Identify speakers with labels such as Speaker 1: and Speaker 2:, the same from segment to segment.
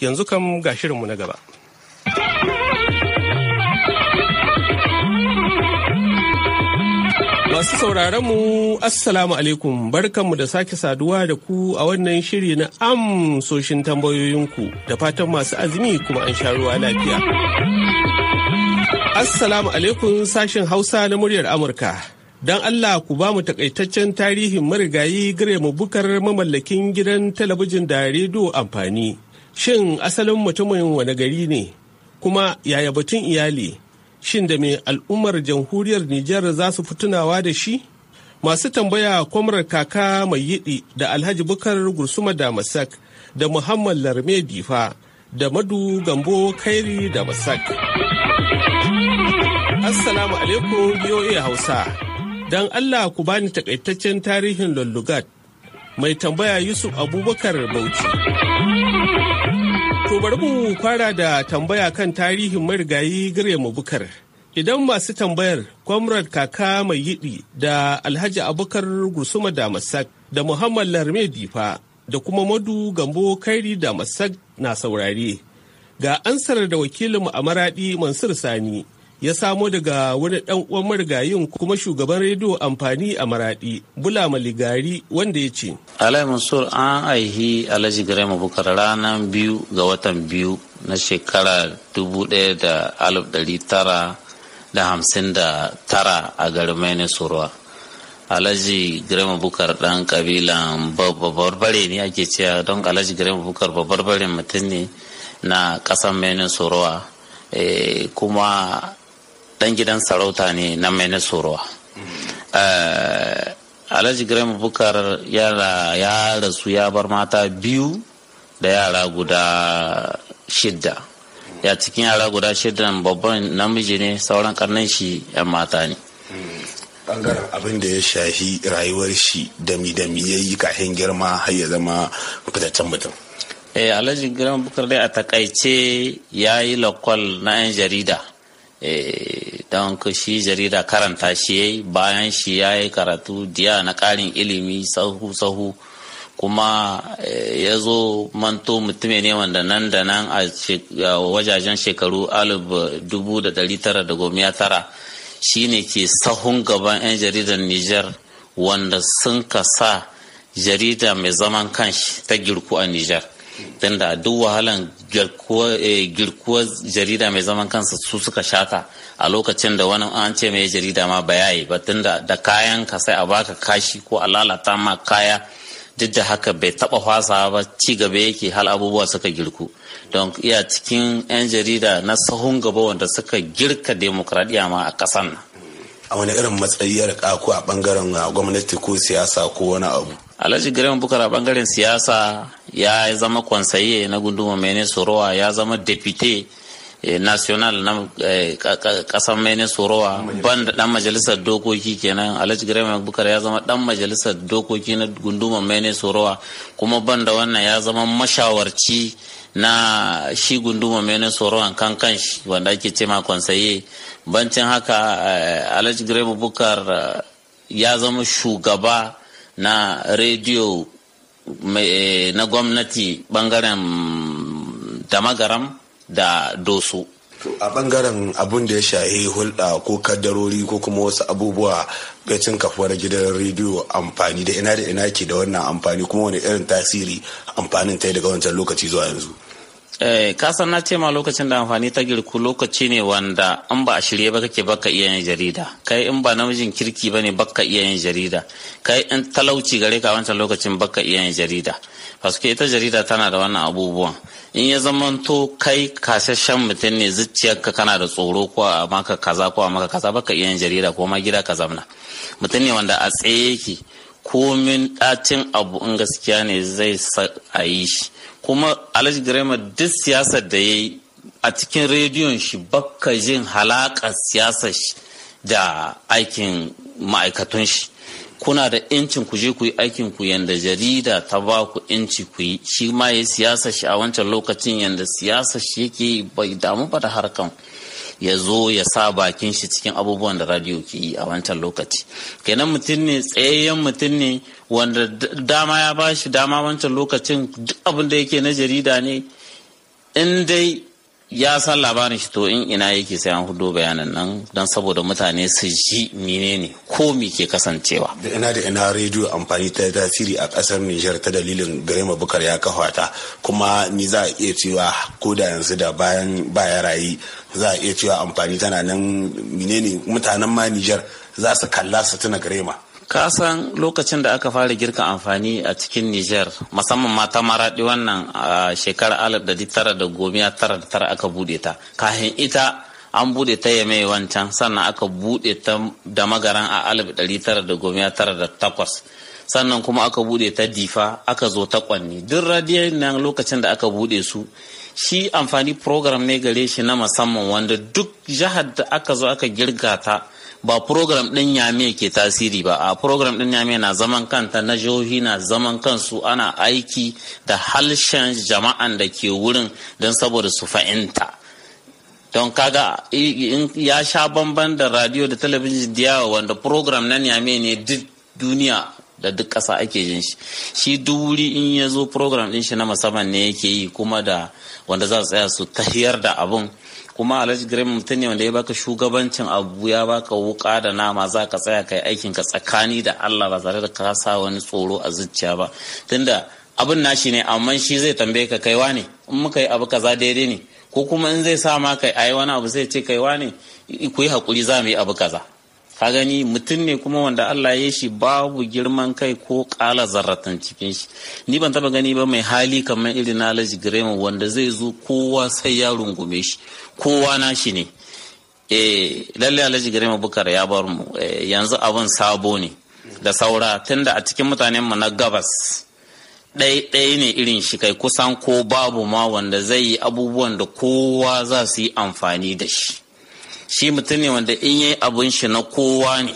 Speaker 1: yanzu kam ga shirinmu na gaba. Masu sauraronmu mu Assalamu alaikum barkanmu da sake saduwa da ku a wannan shiri na amsoshin tambayoyinku da fatan masu azumi kuma an sha ruwa lafiya. Assalamu alaikum sashen Hausa na muryar Amurka. Don Allah ku ba mu takaitaccen tarihin marigayi gare mu bukar mamallakin gidan talabijin da rediyo amfani. Shin asalin mutumin wani gari ne? Kuma yaya batun iyali? Shin da mai al'ummar jamhuriyar Nijar za su fi tunawa da shi? Masu tambaya kwamrar kaka mai yiɗi da Alhaji Bukar Gursuma da Masak da Muhammad Larme Difa da Madu Gambo Kairi da Masak. Assalamu alaikum BOA Hausa. Don Allah ku bani takaitaccen tarihin Lullugat. Mai tambaya Yusuf Abubakar Bauchi. To bari mu fara da tambaya kan tarihin marigayi Girma Bukar. Idan masu tambayar kwamrad Kaka Mai Yiɗi da Alhaji Gusuma da Masak da Muhammad Larme Difa da kuma Madu Gambo Kairi da Masak na saurare. Ga ansar da wakilin mu a Maraɗi Mansur Sani ya samo daga wani ɗan uwan marigayin kuma shugaban rediyo amfani a maraɗi bula maligari wanda ya ce
Speaker 2: alai mansur an aihi alhaji garema bukar ranar biyu ga watan biyu na shekara 1959 a garin maini alaji alhaji girma bukar dan kabila babbar bare ne ake cewa don alhaji girma bukar babbar bare mutum ne na kasan mainin eh, kuma dan gidan sarauta ne na mai nasorowa eh, alhaji graham bukar ya rasu ya bar mata biyu da yara guda shidda ya cikin yara guda shidda babban namiji ne sauran karnan shi yan mata ne
Speaker 3: bangaren abin da ya shafi rayuwar shi dami-dami ya yi kahin girma har ya zama fitaccen mutum
Speaker 2: eh alhaji graham bukar dai a takaice ya yi lokwal na 'yan jarida eh, don shi jarida karanta shi yayi bayan shi ya yi karatu diya na ƙarin ilimi sahu-sahu kuma eh, ya zo manto mutume ne wanda nan da nan a wajajen shekaru tara shi ne ke sahun gaban 'yan jaridar nijar wanda sun ka sa jarida mai zaman kanshi ta girku a niger tunda duk wahalan eh, girkuwar jarida mai zaman kansa su suka shata a lokacin da wani an ce mai jarida ma ba yayi ba tunda da kayan ka sai a baka kashi ko a lalata ma kaya duk da haka bai taba fasa ba ci gaba yake hal abubuwa suka girku don iya cikin 'yan jarida na sahun gaba wanda suka girka demokradiyya ma a kasan nan a wani irin matsayi ya rika ko a bangaren uh, gwamnati ko
Speaker 3: siyasa ko
Speaker 2: wani abu alhaji graham bukar a bangaren siyasa ya zama kwansaye na gunduma mene sorowa ya zama depute Eh, national na eh, kasan mene tsorowa ban da dan majalisar dokoki kenan alhaji graham bukar ya zama dan majalisar dokoki na Gunduma Mene sorowa kuma ban da wannan ya zama mashawarci na shi gunduma mene tsoron kan kan shi wanda ake ce ma konsaye bancin haka eh, alhaji gremu bukar ya zama shugaba na rediyo na gwamnati bangaren damagaram da doso
Speaker 3: a bangaren abun da ya shahi hulɗa ko kaddarori ko kuma wasu abubuwa gacin kafuwar gidan rediyo amfani da ina da ina ke da wannan amfani kuma wani irin tasiri amfanin ta daga wancan lokaci zuwa yanzu
Speaker 2: Eh, kasan na ce ma lokacin da amfani ta girku lokaci ne wanda an ba a shirye ba kake baka iya yin jarida kai in ba namijin kirki ba ne baka iya yin jarida kai in talauci gare ka wancan lokacin baka iya yin jarida paske ita jarida tana da wannan abubuwan in ya zamanto kai kasashen mutum ne zuciyarka kana da tsoro ko a maka kaza ko a maka kaza baka iya yin jarida ko ma gida ka zamna mutum ne wanda a tsaye yake komin ɗacin abu in gaskiya ne zai sa a yi shi kuma alhaji girma duk siyasar da ya yi a cikin rediyon shi baka jin halakar siyasar shi da aikin ma'aikatun shi kuna da incin ku je ku yi aikin ku yanda jarida ta ba ku inci ku yi shi ma ya siyasa shi a wancan lokacin yanda siyasa shi yake bai damu ba da harkan ya zo ya sa bakin shi cikin abubuwan da radio ke yi a wancan lokaci kenan mutum ne tsayayyen mutum ne wanda dama ya bashi dama wancan lokacin duk abin da yake na jarida ne in dai ya san labarin shi to in ina yake sai an hudo bayanan nan don saboda mutane su ji mine ne ko mi ke kasancewa da ina da ina rediyo amfani
Speaker 3: ta tasiri a kasar Nijar ta dalilin Garema Bukar ya kafa ta kuma ni za a iya cewa ko da yanzu da bayan baya rayi za a iya cewa amfani tana nan ne mutanen ma Nijar za su kalla su tuna Garema
Speaker 2: kasan lokacin da aka fara girka amfani a cikin niger musamman mata maraɗi wannan a shekarar alif aka bude ta kahin ita an bude ta ya mai wancan sannan aka bude ta da magaran a alif ɗari sannan kuma aka bude ta difa aka zo ta kwanni duk radiyon nan lokacin da aka bude su shi amfani program ne gare shi na musamman wanda duk jihar da aka zo aka girga ta ba program din yame ke tasiri ba a program din yame na zaman kanta na jihohi na zaman kansu ana aiki da halshen jama'an da ke wurin don saboda su fahimta don kaga ya sha bamban da radio da talabijin da yawa wanda program na yame ne duk duniya da duk ƙasa ake jin shi shi in ya zo program din shi na musamman ne yake yi kuma da wanda za su tsaya su tahiyar da abun kuma alhaji gare mutum ne wanda ya baka shugabancin abu ya baka wuka da nama za ka tsaya ka yi aikin ka tsakani da Allah ba tare da ka sa wani tsoro a zuciya ba tunda abin nashi ne amma shi zai tambaye ka kaiwa ne in muka yi abu kaza daidai ne ko kuma in zai sa ma kai ayi wani abu zai ce kaiwa ne ku yi hakuri za mu yi abu kaza ka gani mutum ne kuma wanda Allah ya shi babu girman kai ko kala zarratan cikin shi ni ban taba gani ba mai hali kamar irin na Alhaji Grema wanda zai zo kowa sai ya rungume shi kowa na shi ne eh lalle Alhaji Grema Bukar ya bar mu eh, yanzu abin sabo ne da saura tunda a cikin mutanen mu na gabas ɗaya ne irin shi kai kusan ko babu ma wanda zai yi abubuwan da kowa za su yi amfani da shi shi mutum ne wanda in yi abun shi na kowa ne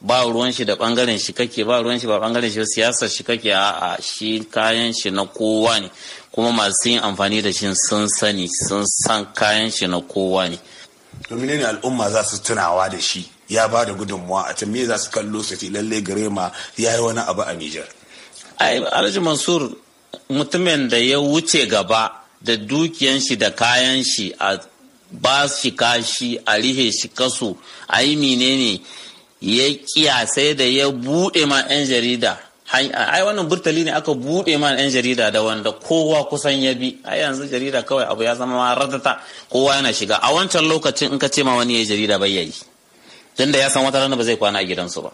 Speaker 2: ba ruwan shi da bangaren shi kake ba ruwan shi ba bangaren shi siyasar shi kake a shi kayan shi na kowa ne kuma masu yin amfani da shi sun sani sun san kayan shi na kowa ne
Speaker 3: domin ne al'umma za su tunawa da shi ya ba da gudunmuwa a can za su kallo su ce lalle garema ya yi wani abu a
Speaker 2: Nijar. ai alhaji mansur mutumin da ya wuce gaba da dukiyan shi da kayan shi a ba shi kashi a rihe shi kasu, a yi menene ya kiyasai da ya buɗe ma 'yan jarida ai wannan burtali ne aka buɗe ma 'yan jarida da wanda kowa kusan ya bi ai yanzu jarida kawai abu ya zama ma ratata kowa yana shiga a wancan lokacin in ka ce ma wani ya jarida bai yayi tunda ya san wata rana ba zai kwana a gidansu ba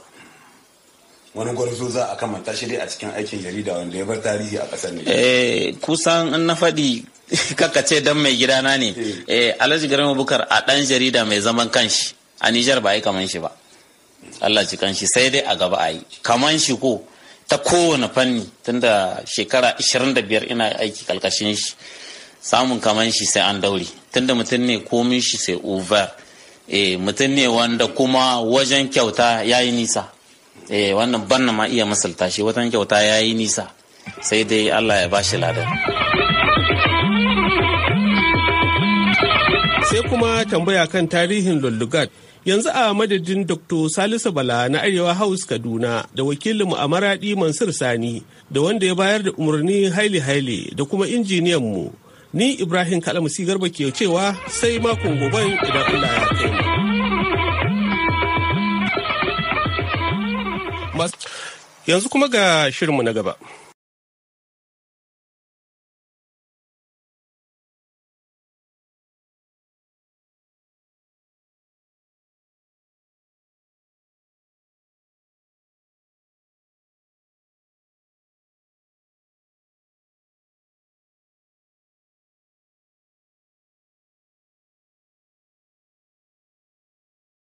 Speaker 3: wani gwarzo za a kamanta shi dai a cikin aikin jarida wanda ya bar tarihi a ƙasar ne.
Speaker 2: Eh kusan in na faɗi kaka ce dan mai gidana ne. Eh, eh Alhaji Garma Bukar a ɗan jarida mai zaman kanshi a Nijar ba a yi kaman shi ba. Allah ci kanshi sai dai a gaba a yi. Kaman shi ko ta kowane fanni tunda shekara biyar ina aiki kalkashin shi. Samun kaman shi sai an daure. Tunda mutum ne komin shi sai over. Eh mutum ne wanda kuma wajen kyauta ya yi nisa. eh wannan banna ma iya misalta shi watan kyauta ya yi nisa sai dai allah ya bashi ladan
Speaker 1: sai kuma tambaya kan tarihin lullugat yanzu a madadin dr salisu bala na arewa house kaduna da wakilinmu a maradi mansur sani da wanda ya bayar da umarni haile haile da kuma injiniyan mu, ni ibrahim kalamusi garba ke cewa sai makon gobe idan allah ya kai Yanzu kuma ga shirinmu na gaba.